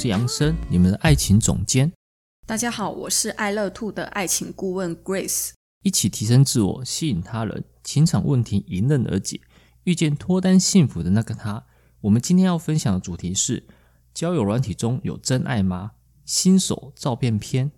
我是 Sam，你們的愛情總監。大家好，我是愛樂 Two 的愛情顧問 Grace。一起提升自我，吸引他人，情場問題迎刃而解，遇見脫單幸福的那個他。我們今天要分享的主題是：交友軟體中有真愛嗎？新手照片篇。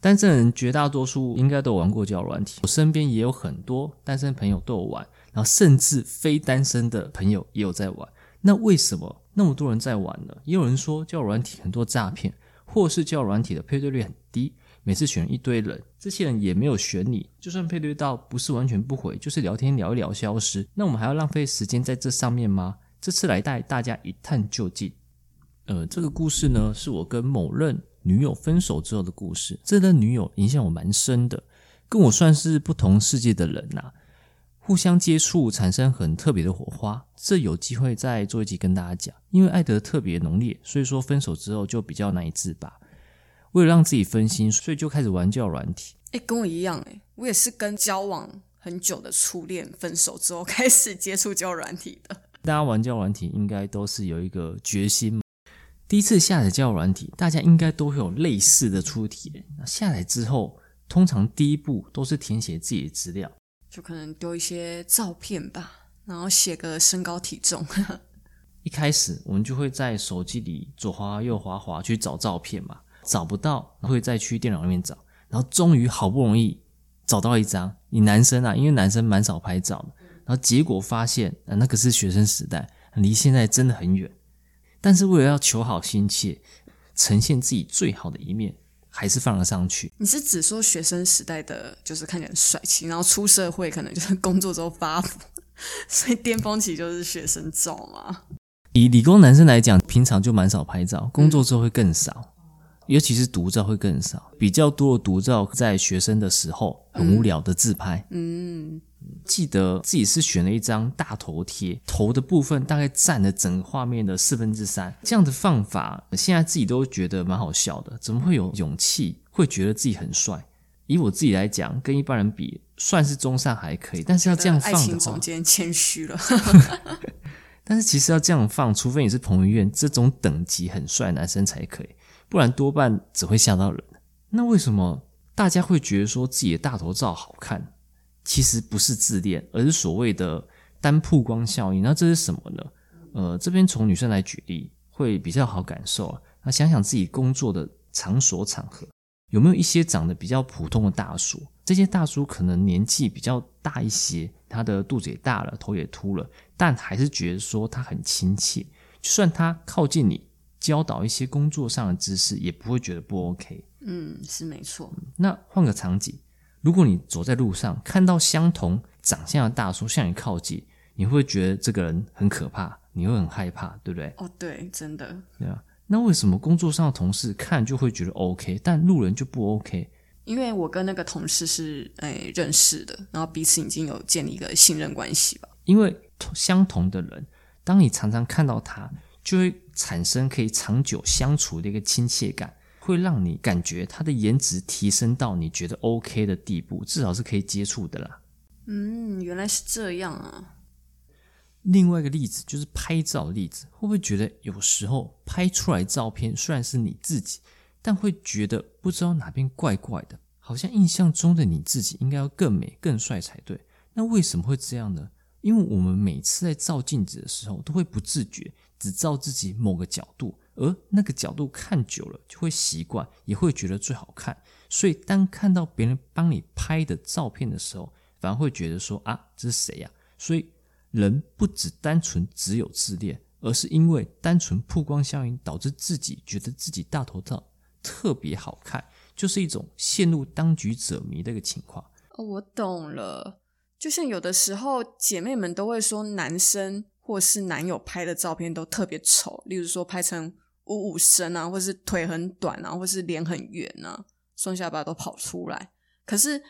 單身人絕大多數應該都玩過交友軟體，我身邊也有很多單身朋友都有玩，然後甚至非單身的朋友也有在玩。那為什麼？那麼多人在玩呢，也有人說交友軟體很多詐騙，或是交友軟體的配對率很低，每次選一堆人，這些人也沒有選你，就算配對到，不是完全不回，就是聊天聊一聊消失，那我們還要浪費時間在這上面嗎？這次來帶大家一探究竟。呃，這個故事呢，是我跟某任女友分手之後的故事，這任女友影響我蠻深的，跟我算是不同世界的人吶、啊。互相接觸產生很特別的火花，這有機會再做一集跟大家講。因為愛得特別濃烈，所以說分手之後就比較難以自拔。為了讓自己分心，所以就開始玩交友軟體。哎、欸，跟我一樣哎、欸，我也是跟交往很久的初戀分手之後開始接觸交友軟體的。大家玩交友軟體應該都是有一個決心嘛。第一次下載交友軟體，大家應該都會有類似的出題。那下載之後，通常第一步都是填寫自己的資料。就可能丟一些照片吧，然後寫個身高體重。 一開始我們就會在手機裡左滑右滑滑去找照片嘛，找不到然後會再去電腦裡面找，然後終於好不容易找到一張。你男生啊，因為男生蠻少拍照的，然後結果發現啊，那個是學生時代，離現在真的很遠。但是為了要求好心切，呈現自己最好的一面，還是放了上去。你是指說學生時代的，就是看起來很帥氣，然後出社會可能就是工作之後發福，所以巔峰期就是學生照嘛？以理工男生來講，平常就蠻少拍照，工作之後會更少，嗯、尤其是獨照會更少，比較多的獨照在學生的時候，很無聊的自拍。嗯。嗯記得自己是選了一張大頭貼，頭的部分大概占了整個畫面的四分之三，這樣的放法，現在自己都覺得蠻好笑的。怎麼會有勇氣會覺得自己很帥？以我自己來講，跟一般人比，算是中上還可以。但是要這樣放的話，愛情總監謙虛了。 但是其實要這樣放，除非你是彭於晏這種等級很帥的男生才可以，不然多半只會嚇到人。那為什麼大家會覺得說自己的大頭照好看？其實不是自戀，而是所謂的單曝光效應。那這是什麼呢？呃，這邊從女生來舉例會比較好感受啊。那想想自己工作的場所場合，有沒有一些長得比較普通的大叔？這些大叔可能年紀比較大一些，他的肚子也大了，頭也禿了，但還是覺得說他很親切。就算他靠近你，教導一些工作上的知識，也不會覺得不 OK。嗯，是沒錯，嗯。那換個場景。如果你走在路上，看到相同長相的大叔向你靠近，你會不會覺得這個人很可怕，你會很害怕，對不對？哦，對，真的。對啊，那為什麼工作上的同事看就會覺得 OK，但路人就不 OK？因為我跟那個同事是誒、哎、認識的，然後彼此已經有建立一個信任關係吧。因為相同的人，當你常常看到他，就會產生可以長久相處的一個親切感。會讓你感覺他的顏值提升到你覺得 OK 的地步，至少是可以接觸的啦。嗯，原來是這樣啊。另外一個例子就是拍照例子，會不會覺得有時候拍出來照片雖然是你自己，但會覺得不知道哪邊怪怪的，好像印象中的你自己應該要更美、更帥才對。那為什麼會這樣呢？因為我們每次在照鏡子的時候，都會不自覺只照自己某個角度。而那個角度看久了就會習慣，也會覺得最好看。所以當看到別人幫你拍的照片的時候，反而會覺得說啊，這是誰呀？所以人不只單純只有自戀，而是因為單純曝光效應導致自己覺得自己大頭照特別好看，就是一種陷入當局者迷的一個情況。哦，我懂了。就像有的時候姐妹們都會說，男生或是男友拍的照片都特別醜，例如說拍成。五五身啊，或是腿很短啊，或是臉很圓啊，雙下巴都跑出來。可是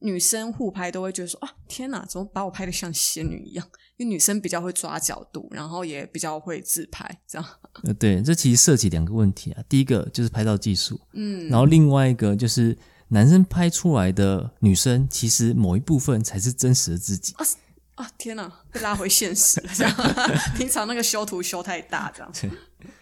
女生互拍都會覺得說啊，天哪，怎麼把我拍得像仙女一樣？因為女生比較會抓角度，然後也比較會自拍。這樣，對，這其實涉及兩個問題啊。第一個就是拍照技術，嗯，然後另外一個就是男生拍出來的女生，其實某一部分才是真實的自己。啊，啊天哪，被拉回現實了，這樣， 平常那個修圖修太大，這樣。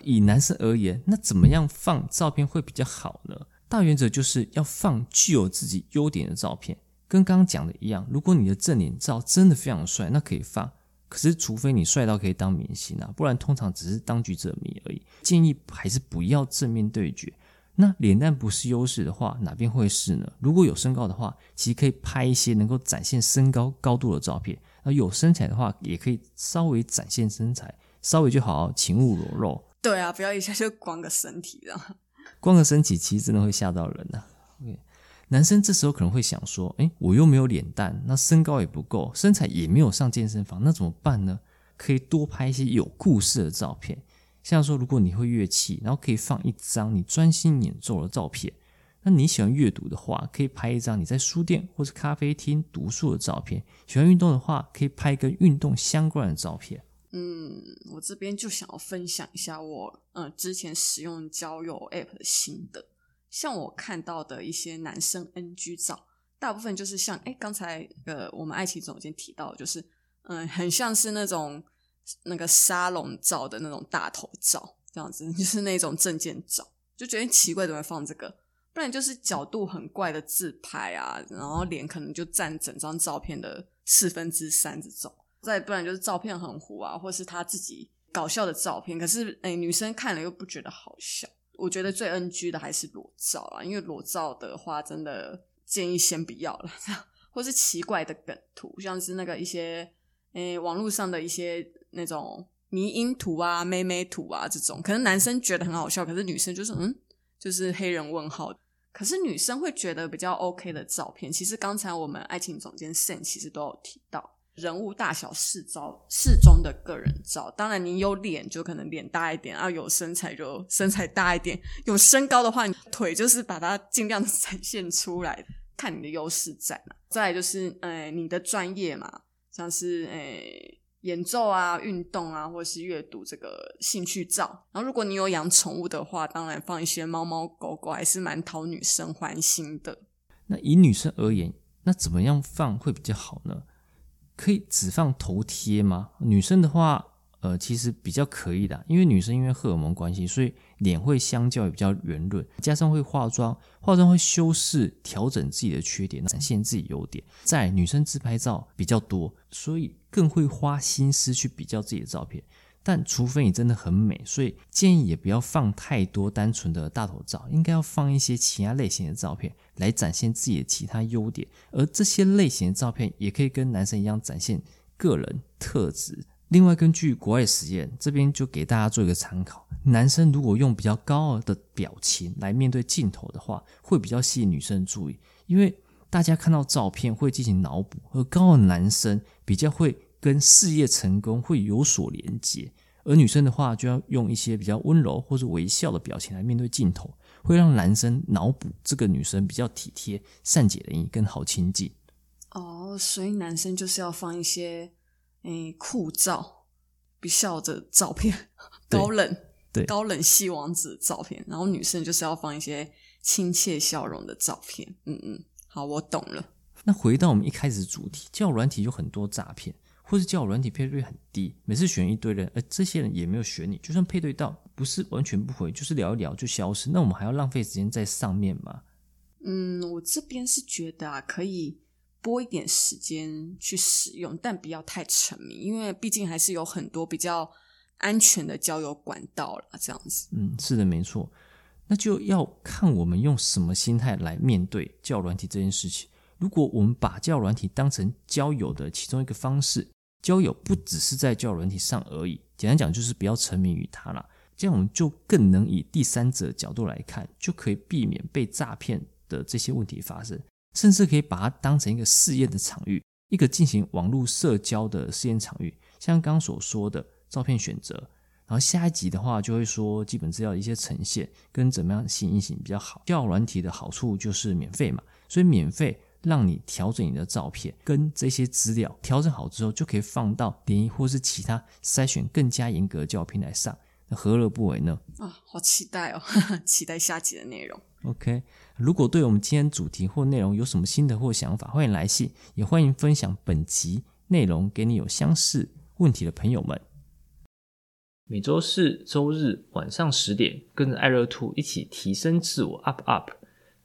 以男生而言，那怎麼樣放照片會比較好呢？大原則就是要放具有自己優點的照片，跟剛剛講的一樣。如果你的正臉照真的非常的帥，那可以放。可是，除非你帥到可以當明星啊，不然通常只是當局者迷而已。建議還是不要正面對決。那臉蛋不是優勢的話，哪邊會是呢？如果有身高的話，其實可以拍一些能夠展現身高高度的照片。而有身材的話，也可以稍微展現身材。稍微就好，請勿裸露。對啊，不要一下就光個身體了。光個身體其實真的會嚇到人啊。Okay. 男生這時候可能會想說：“哎、欸，我又沒有臉蛋，那身高也不夠，身材也沒有上健身房，那怎麼辦呢？”可以多拍一些有故事的照片。像說，如果你會樂器，然後可以放一張你專心演奏的照片。那你喜歡閱讀的話，可以拍一張你在書店或是咖啡廳讀書的照片。喜歡運動的話，可以拍一個運動相關的照片。嗯，我這邊就想要分享一下我嗯、呃、之前使用交友 app 的心得。像我看到的一些男生 NG 照，大部分就是像誒，剛、欸、才呃我們愛情總監提到，就是嗯、呃、很像是那種那個沙龍照的那種大頭照這樣子，就是那種證件照，就覺得奇怪怎麼會放這個，不然就是角度很怪的自拍啊，然後臉可能就占整張照片的四分之三這種。再不然就是照片很糊啊，或是他自己搞笑的照片。可是，誒女生看了又不覺得好笑。我覺得最 NG 的還是裸照啊，因為裸照的話，真的建議先不要了。這樣。 或是奇怪的梗圖，像是那個一些，誒網絡上的一些那種迷因圖啊、妹妹圖啊這種，可能男生覺得很好笑，可是女生就是嗯，就是黑人問號。可是女生會覺得比較 OK 的照片，其實剛才我們愛情總監 Sam 其實都有提到。人物大小適招適中的個人照，當然你有臉就可能臉大一點，然、啊、有身材就身材大一點，有身高的話你腿就是把它盡量的展現出來，看你的優勢在哪。再來就是，呃、哎、你的專業嘛，像是呃、哎、演奏啊、運動啊，或者是閱讀這個興趣照。然後，如果你有養寵物的話，當然放一些貓貓狗狗還是蠻討女生歡心的。那以女生而言，那怎麼樣放會比較好呢？可以只放頭貼嗎？女生的話，呃，其實比較可以的，因為女生因為荷爾蒙關係，所以臉會相較也比較圓潤，加上會化妝，化妝會修飾、調整自己的缺點，展現自己優點。在女生自拍照比較多，所以更會花心思去比較自己的照片。但除非你真的很美，所以建議也不要放太多單純的大頭照，應該要放一些其他類型的照片來展現自己的其他優點。而這些類型的照片也可以跟男生一樣展現個人特質。另外，根據國外實驗，這邊就給大家做一個參考：男生如果用比較高傲的表情來面對鏡頭的話，會比較吸引女生的注意，因為大家看到照片會進行腦補，而高傲男生比較會。跟事業成功會有所連接，而女生的話就要用一些比較溫柔或者微笑的表情來面對鏡頭，會讓男生腦補這個女生比較體貼、善解人意、更好親近。哦，所以男生就是要放一些誒酷照、不、欸、笑的照片，高冷對高冷系王子的照片，然後女生就是要放一些親切笑容的照片。嗯嗯，好，我懂了。那回到我們一開始主題，交友軟體有很多詐騙。或是交友軟體配對率很低，每次選一堆人，而這些人也沒有選你，就算配對到，不是完全不回，就是聊一聊就消失，那我們還要浪費時間在上面嗎？嗯，我這邊是覺得啊，可以撥一點時間去使用，但不要太沉迷，因為畢竟還是有很多比較安全的交友管道了，這樣子。嗯，是的，沒錯。那就要看我們用什麼心態來面對交友軟體這件事情。如果我們把交友軟體當成交友的其中一個方式，交友不只是在交友軟體上而已，簡單講就是不要沉迷於它啦，這樣我們就更能以第三者角度來看，就可以避免被詐騙的這些問題發生，甚至可以把它當成一個試驗的場域，一個進行網絡社交的試驗場域。像剛剛所說的照片選擇，然後下一集的話就會說基本資料一些呈現，跟怎麼樣行一型比較好。交友軟體的好處就是免費嘛，所以免費。讓你調整你的照片，跟這些資料調整好之後，就可以放到聯一或是其他篩選更加嚴格的平台上，那何樂不為呢？啊，好期待哦，期待下集的內容。OK，如果對我們今天主題或內容有什麼心得或想法，歡迎來信，也歡迎分享本集內容給你有相似問題的朋友們。每周四、周日晚上十點，跟着愛樂 Two 一起提升自我，up up。